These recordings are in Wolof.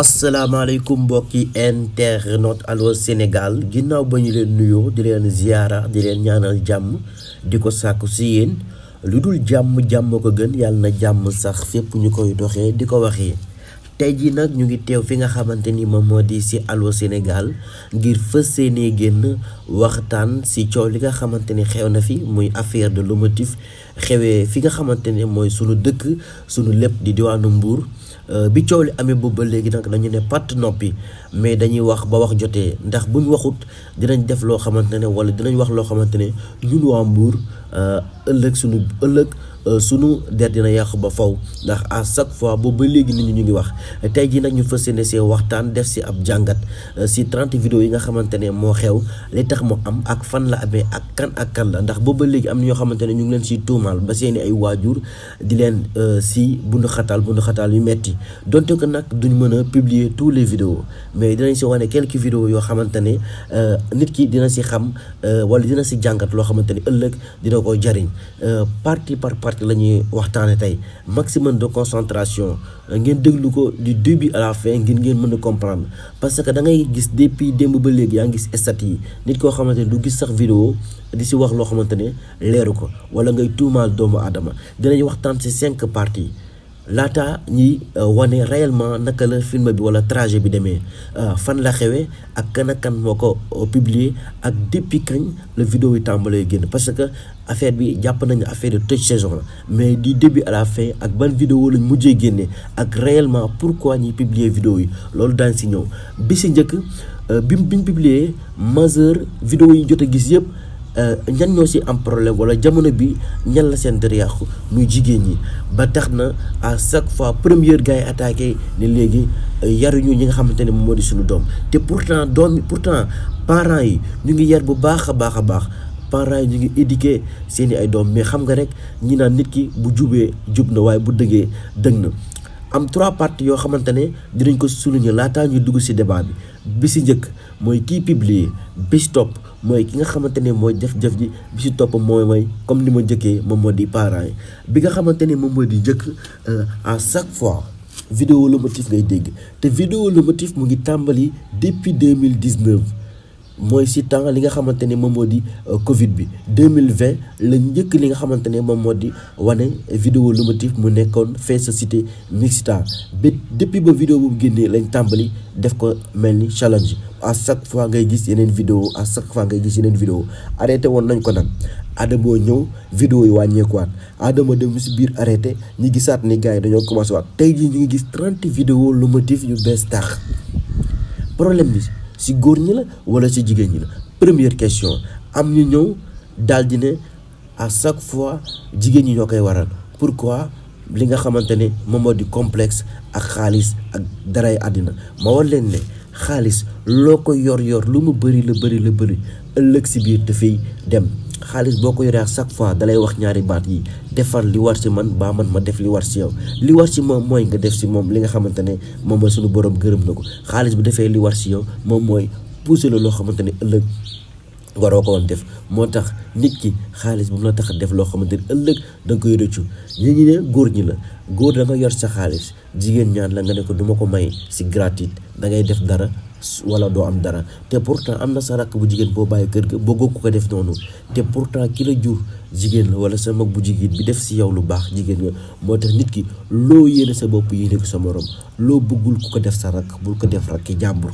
asalaamaaleykum mbokki internaute Allô Sénégal ginnaaw ba ñu leen nuyoo di leen ziyaara di leen ñaanal jàmm di ko sàkku si yéen lu dul jàmm jàmm ko gën yàlla na jàmm sax fépp ñu koy doxee di ko waxee tey jii nag ñu ngi teew fi nga xamante ni moom moo di ci Allô Sénégal ngir fas yéenee génn waxtaan ci coow li nga xamante ni xew na fi muy affaire de lomotif xewee fi nga xamante ne mooy sunu dëkk sunu lépp di diwaanu mbuur Euh, bi coow li amee boobu ba léegi nag dañu ne patt noppi mais dañuy wax ba wax jotee ndax buñ waxut dinañ def loo xamante ne wala dinañ wax loo xamante ne ñun waa Mbour euh, ëllëg suñu ëllëg euh, suñu der dina yàqu ba fow ndax à chaque fois boobu léegi nit ñi ñu ngi wax tey jii nag ñu fas yéene see waxtaan def si ab jàngat euh, si trent vidéo yi nga xamante ne moo xew li tax mu am ak fan la amee ak kan ak kan la ndax boobu ba léegi am na ñoo xamante ne ñu ngi leen siy tuumaal ba seeni ay waajur di leen si bundu xataal bundu xataal yu metti donte ko nag duñ mën a publier tous les vidéos mais dinañ si wane quelques vidéos yoo xamante ne euh, nit ki dina si xam euh, wala dina si jàngat loo xamante ne ëllëg dina ko jariñ euh, partie par partie la ñuy waxtaane tey maximum de concentration ngeen déglu ko di début à la fin ngir ngeen mën a comprendre parce que da ngay gis depuis démb ba léegi yaa ngi gis stat yi nit koo xamante ne du gis sax vidéo di si wax loo xamante ne leeru ko wala ngay tuumaal doomu aadama dinañu waxtaan si cinq partie laataa ñiy euh, wane réellement naka la film bi wala trajet bi demee euh, fan la xewee ak kan kan moo ko euh, publier ak depuis kañ la vidéo yi tàmbalee génn parce que affaire bi jàpp nañu affaire de saison la mais di début à la fin ak ban vidéo lañ mujjee génnee ak réellement pourquoi ñuy publier video yi loolu daan si ñëw bi si njëkk bi biñ publier majeur vidéo yi jot a gis yëpp Euh, ñan ñoo si am problème wala jamono bi ñan la seen dër muy jigéen ñi ba tax na à chaque fois première gars attaque ni léegi euh, yaruñu ñi nga xamante ne moom moo di suñu doom te pourtant doom yi pourtant parents yi ñu ngi yar bu baax a baax a baax parents yi ñu ngi éduqué seeni ay doom mais xam nga rek ñi naan nit ki bu jubee jub na waaye bu dëggee dëgg na am trois parties yoo xamante ne dinañ ko souligner laataa ñuy dugg si débat bi bi ci njëkk mooy kii publier bi ci topp mooy ki nga xamante ne mooy jëf-jëf ji bi ci topp mooy mooy comme ni ma njëkkee moom moo di parents yi bi nga xamante ne moom moo di njëkk euh, à chaque fois vidéo lomotif ngay dégg te vidéo lomotif mu ngi tàmbali depuis 2019 mooy si temps li nga xamante ne moom moo di euh, Covid bi 2020 la njëkk li nga xamante ne moom moo di wane vidéo lomotif mu nekkoon fee sa cité mixta ba depuis ba vidéo boobu génnee lañ tàmbali def ko mel ni challenge à chaque fois ngay gis yeneen vidéo à chaque fois ngay gis yeneen vidéo arrêté woon nañ ko nag Adamo ñëw vidéo yi wàññeekuwaat Adamo dem si biir arrêté ñu gisaat ni gars yi dañoo commencé waat tey jii ñu ngi gis 30 vidéo lomotif ñu bees tax problème bi. si góor ñi la wala si jigéen ñi la première question am ñu ñëw daal di ne à chaque fois jigéen ñi ñoo koy waral pour pourquoi li nga xamante ni moom di complexe ak xaalis ak daray àddina ma war ne xaalis loo ko yor-yor lu mu bëri la bëri la bëri ëllëg si biir dafay dem. xaalis boo ko yoree chaque fois dalay wax ñaari baat yi defar li war si man baa man ma def li war si yow li war si moom mooy nga def si moom li nga xamante ne moom mooy suñu borom gërëm na ko xaalis bu defee li war si yow moom mooy pousser la loo xamante ne ëllëg waroo ko def moo tax nit ki xaalis bu mu la tax def loo xamante ne ëllëg da nga koy rëccu ñu ñi ne góor ñi la góor da nga yor sa xaalis jigéen ñaan la nga ne ko duma ko may si gratuite da ngay def dara wala doo am dara te pourtant am na sa rakk bu jigéen boo bàyyi kër gi bëggoo ko ko def noonu te pourtant ki la jur jigéen la wala sa mag bu jigéen bi def si yow lu baax jigéen nga moo tax nit ki loo yéene sa bopp yéene ko sa morom loo bëggul ku ko def sa rakk bul ko def rakki jàmbur.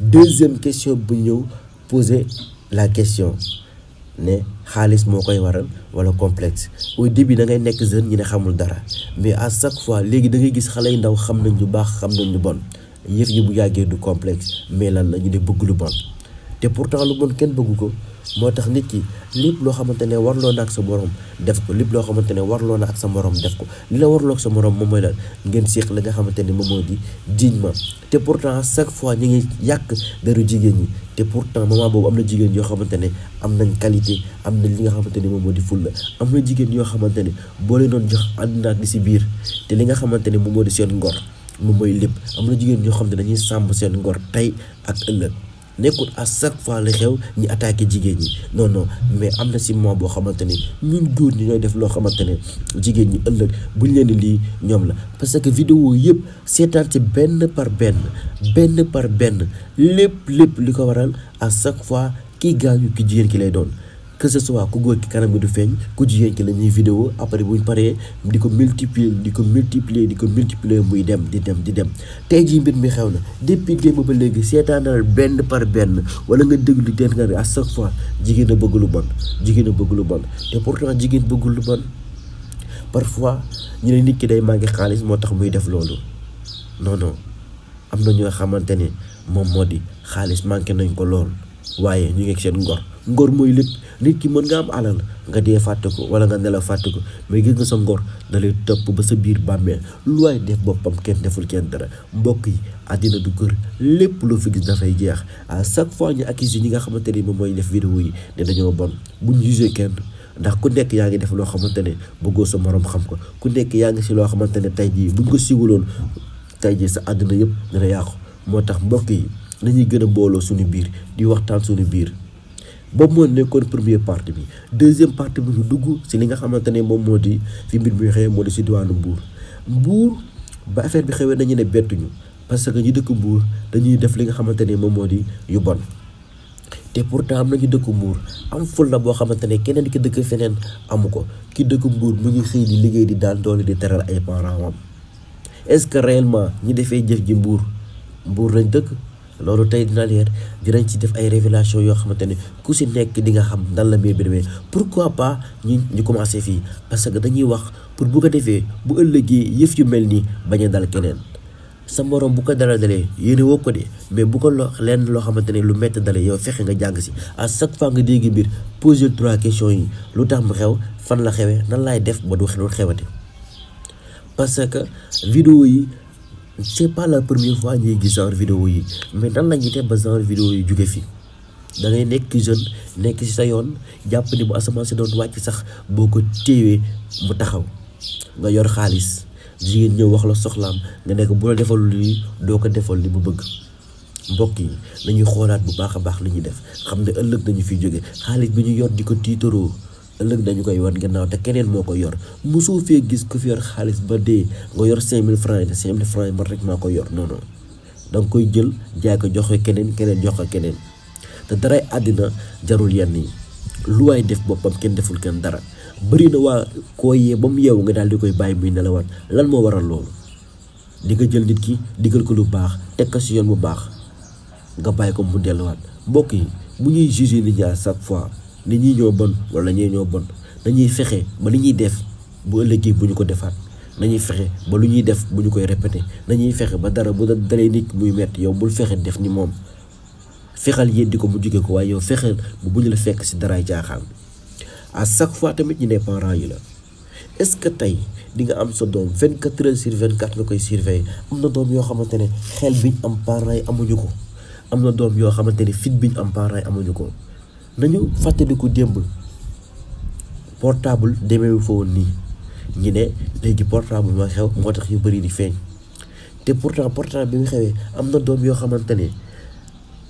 deuxième question bu ñëw poser la question ne xaalis moo koy waral wala complexe au début da ngay nekk jeune ñi ne xamul dara mais à chaque fois léegi da ngay gis xale yu ndaw xam nañ lu baax xam nañ lu bon. yëf yi bu yàggee du complexe mais lan la ñu di bëgg lu bon te pourtant lu bon kenn bëgg ko moo tax nit ki lépp loo xamante ne warloo na ak sa morom def ko lépp loo xamante ne warloo na ak sa morom def ko li la warloo ak sa morom moom mooy lan ngeen séq la nga xamante ne moom moo di jiiñ ma te pourtant chaque fois ñu ngi yàq daru jigéen ñi te pourtant moment boobu am na jigéen yoo xamante ne am nañ qualité am na li nga xamante ne moom moo di fulla am na jigéen yoo xamante ne boo leen doon jox àdduna ak si biir te li nga xamante ne moom moo di seen ngor moom mooy lépp am na jigéen ñoo xam ne dañuy sàmm seen ngor tey ak ëllëg nekkul à chaque fois li xew ñu attaqué jigéen ñi non non mais am na si mois boo xamante ne ñun góor ñi ñooy def loo xamante ne jigéen ñi ëllëg buñ leen di lii ñoom la parce que vidéo yëpp seetaan ci benn par benn benn par benn lépp lépp li ko waral à chaque fois kii gaañu ki jigéen ki lay doon que ce soit ku góor ki kanam gi du feeñ ku jigéen ki la ñuy vidéo après buñ paree di ko multiplier di ko multiplier di ko multiplier muy dem di dem di dem tey jii mbir mi xew na depuis démb ba léegi seetaanal benn par benn wala nga déglu den nga à chaque fois jigéen a bëgg lu bon jigéen a bëgg lu bon te pourtant jigéen bëggul lu bon parfois ñu ne nit ki day manqué xaalis moo tax muy def loolu non am na ñoo xamante ne moom moo di xaalis manqué nañ ko lool waaye ñu ngi seen ngor ngor mooy lépp nit ki mën nga am alal nga dee fàtte ko wala nga nelaw fàtte ko mais gis sa ngor da lay topp ba sa biir bàmmee lu waaye def boppam kenn deful kenn dara mbokk yi àddina du kër lépp loo fi gis dafay jeex à chaque fois ñu accuse ñi nga xamante ni moom mooy def vidéo yi ne dañoo bon bu ñu jugee kenn ndax ku nekk yaa ngi def loo xamante ne bëggoo sa moroom xam ko ku nekk yaa ngi si loo xamante ne tey jii buñ ko siwaloon tey jii sa àddina yëpp dina yàqu moo tax mbokk yi nañuy gën a booloo suñu biir di waxtaan suñu biir boobu moo nekkoon premier partie bi deuxième partie bi ñu dugg si li nga xamante ne moom moo di fi mbir mi xewee moo di si diwaanu Mbour Mbour ba affaire bi xewee nañu ne bettuñu parce que ñu dëkk Mbour dañuy def li nga xamante ne moom moo di yu bon te pourtant am nañu dëkk mbuur am ful la boo xamante ne keneen ki dëkk feneen amu ko ki dëkk Mbour mu ngi xëy di liggéey di daan doole di teral ay parents am est-ce que réellement ñi defee jëf ji Mbour mbuur lañ dëkk. loolu tey dina leer dinañ ci def ay révélation yoo xamante ne ku si nekk di nga xam nan la mbir mee demee pourquoi pas ñu ñu commencé fii parce que dañuy wax pour bu ko defee bu ëllëgee yëf yu mel nii bañ a dal keneen sa moroom bu ko dala dalee yéene woo ko de mais bu ko lo lenn loo xamante ne lu métti dale yow fexe nga jàng si à chaque fois nga dégg mbir poser trois questions yi lu tax mu xew fan la xewee nan laay def ba du xewati parce que vidéo yi c'est pas la première fois ñuy gis genre vidéo yi mais nan la ñuy def ba genre vidéo yi jóge fi dangay nekk jeune nekk ci sa yoon jàpp ni bu asamaan si doon wàcc sax boo ko téewee bu taxaw nga yor xaalis jigéen ñëw wax la soxlaam nga nekk bu la defal lii doo ko defal li mu bëgg mbokk yi nañuy xoolaat bu baax a baax li ñuy def xam ne ëllëg nañu fi jóge xaalis bi ñu yor di ko tiitaroo ëllëg dañu koy wan gannaaw te keneen moo ko yor mosoo fee gis ku fi yor xaalis ba dee nga yor 5000 francs yi te 5000 francs yi man rek maa ko yor non non da koy jël jaay ko jox ko keneen keneen jox ko keneen te daray àddina jarul yenn yi lu waay def boppam kenn deful kenn dara bëri na waa koo yee ba mu yeewu nga daal di koy bàyyi muy nelawaat lan moo waral loolu di nga jël nit ki digal ko lu baax teg ko si yoon bu baax nga bàyyi ko mu delluwaat mbokk yi mu ñuy jugé nit ñi fois. nit ñi ñoo bon wala ñee ñoo bon nañuy fexe ba li ñuy def bu ëllëgee bu ñu ko defaat nañuy fexe ba lu ñuy def bu ñu koy répété nañuy fexe ba dara bu dalee nit muy metti yow bul fexe def ni moom fexal yeddi ko mu jugee ko waaye yow fexeel ba bu ñu la fekk si daray jaaxaan à chaque fois tamit ñu ne parents yi la est-ce que tey di nga am sa doom 24 heures sur 24 nga koy surveiller am na doom yoo xamante ne xel biñ am parents yi amuñu ko am na doom yoo xamante ne fit biñ am parents amuñu ko nañu fàttaliku démb portable demeewu fa woon nii ñu ne léegi portable ma xew moo tax yu bëri di feeñ te pourtant portable bi mu xewee am na doom yoo xamante ne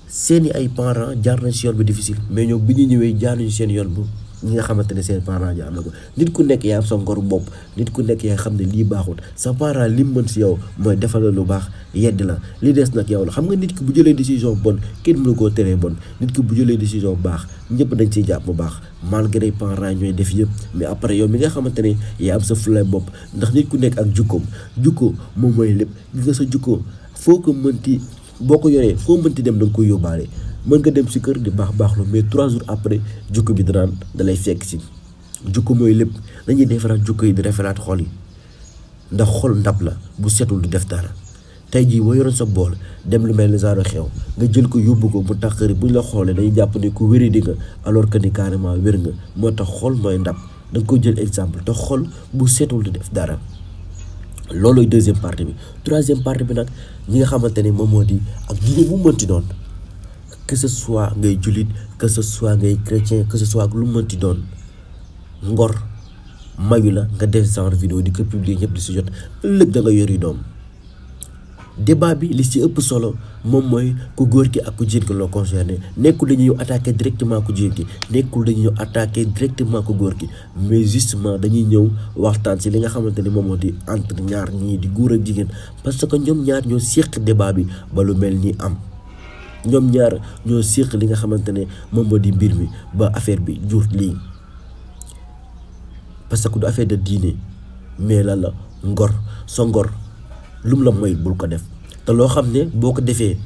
seeni ay parents jaar nañ si yoon bu difficile mais ñoom bi ñu ñëwee jaar nañu seen yoon bu ñi nga xamante ne seen parent ñu am ko nit ku nekk yaa am sa ngoru bopp nit ku nekk yaa xam ne lii baaxul sa parent li mën si yow mooy defal la lu baax yedd la li des nag yow la xam nga nit ki bu jëlee décision bon kenn mënu koo teree bon nit ki bu jëlee décision baax ñëpp dañ siy jàpp bu baax malgré parents ñooy def yëpp mais après yow mi nga xamante ne yaa am sa fulay bopp ndax nit ku nekk ak jukkoom jukko moom mooy lépp gis nga sa jukko foo ko mënti boo ko yoree foo mënti dem da koy yóbbaale mën nga dem si kër di baax baaxlu mais trois jours après jukko bi danaan dalay fekk si jukko mooy lépp dañuy defaraat jukko yi di referaat xol yi ndax xol ndax la bu setul di def dara tey jii boo yoroon sa bool dem lu mel ni genre xew nga jël ko yóbbu ko mu bu ñu la xoolee dañuy jàpp ne ku wéri di nga alors que ni carrément wér nga moo tax xol mooy ndab danga nga jël exemple te xol bu setul di def dara loolooy deuxième partie bi troisième partie bi nag ñi nga xamante ne moom moo di ak diine bu doon que ce soit ngay jullit que ce soit ngay chrétien que ce soit lu mënti doon ngor mayu la nga def genre vidéo di ko ñëpp di si ëllëg da nga yori doom débat bi li si ëpp solo moom mooy ku góor ki ak ku jigéen ki loo concerné nekkul dañuy ñëw directement ku jigéen ki nekkul dañuy ñëw attaqué directement ku góor ki mais justement dañuy ñëw waxtaan si li nga xamante ni moom moo di entre ñaar ñii di góor ak jigéen parce que ñoom ñaar ñoo séq bi ba lu mel nii am. ñoom ñaar ñoo séq li nga xamante ne moom moo di mbir mi ba affaire bi jur lii parce que du affaire de diine mais la la ngor sa ngor lum la mooy bul ko def te loo xam ne boo ko defee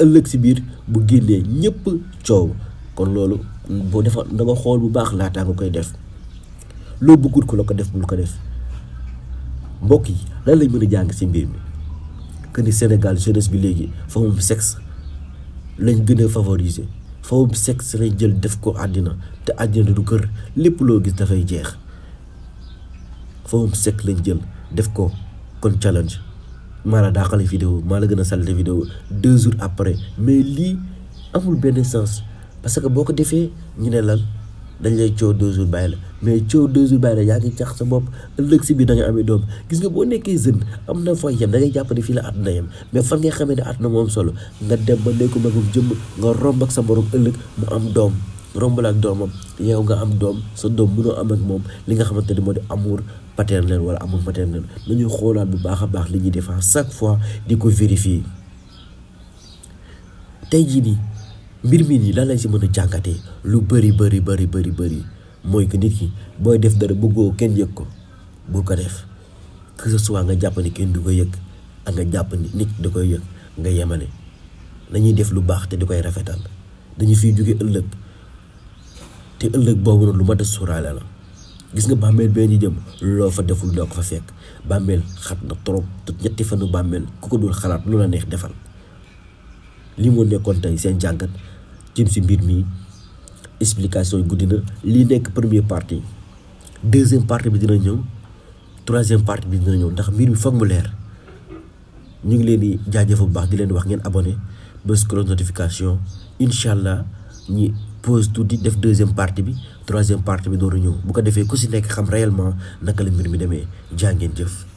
ëllëg si biir bu génnee ñëpp coow kon loolu boo defa da nga xool bu baax laataa nga koy def loo bëggul ko la ko def bul ko def mbokk yi lan lañ mën a jàng si mbir mi que ni Sénégal jeunesse bi léegi fa moom sexe lañ gën a favoriser fawum sexe lay jël def ko àddina te àddina du kër lépp loo gis dafay jeex fawum sekk lañ jël def ko kon challenge maa la daaxale vidéo maa la gën a salte vidéo deux jours après mais lii amul benn sens parce que boo ko defee ñu ne lal dañ lay coow deux jours bàyyi la mais coow deux jours bàyyi la yaa ngi cax sa bopp ëllëg si biir da amee doom gis nga boo nekkee jeune am na fooy yem da ngay jàpp ne fii la àdduna yem mais fan ngay xamee ne àdduna moom solo nga dem ba nekku magum jëm nga romb ak sa borom ëllëg mu am doom romb la ak doomam yow nga am doom sa doom mënoo am ak moom li nga xamante ni moo di amour paternel wala amour maternel nañuy xoolaat bu baax a baax li ñuy defar chaque fois di ko vérifier tey jii nii. mbir mii nii lan lañ si mën a jàngatee lu bari bari bari bari bëri mooy que nit ki booy def dara bëggoo kenn yëg ko bu ko def que ce soit nga jàpp ni du ko yëg ak nga ni nit da koy yëg nga yemale nañuy def lu baax te du koy rafetal dañu fiy jóge ëllëg te ëllëg boobu noonu lu ma a suuraale la gis nga bàmmeel bee ñu jëm loo fa deful doo ko fa fekk bàmmeel xat na trop te ñetti fanu bàmmeel ku ko dul xalaat lu la neex defal li moo nekkoon tey seen jàngat jëm si mbir mi explication yi guddi na lii nekk première partie deuxième partie bi dina ñëw troisième partie bi dina ñëw ndax mbir mi foog leer ñu ngi leen di jaajëfal bu baax di leen wax ngeen abonné bés cloche notification incha allah ñi pause tuuti def deuxième partie bi troisième partie bi dooru ñëw bu ko defee ku si nekk xam réellement naka la mbir mi demee jaa ngeen jëf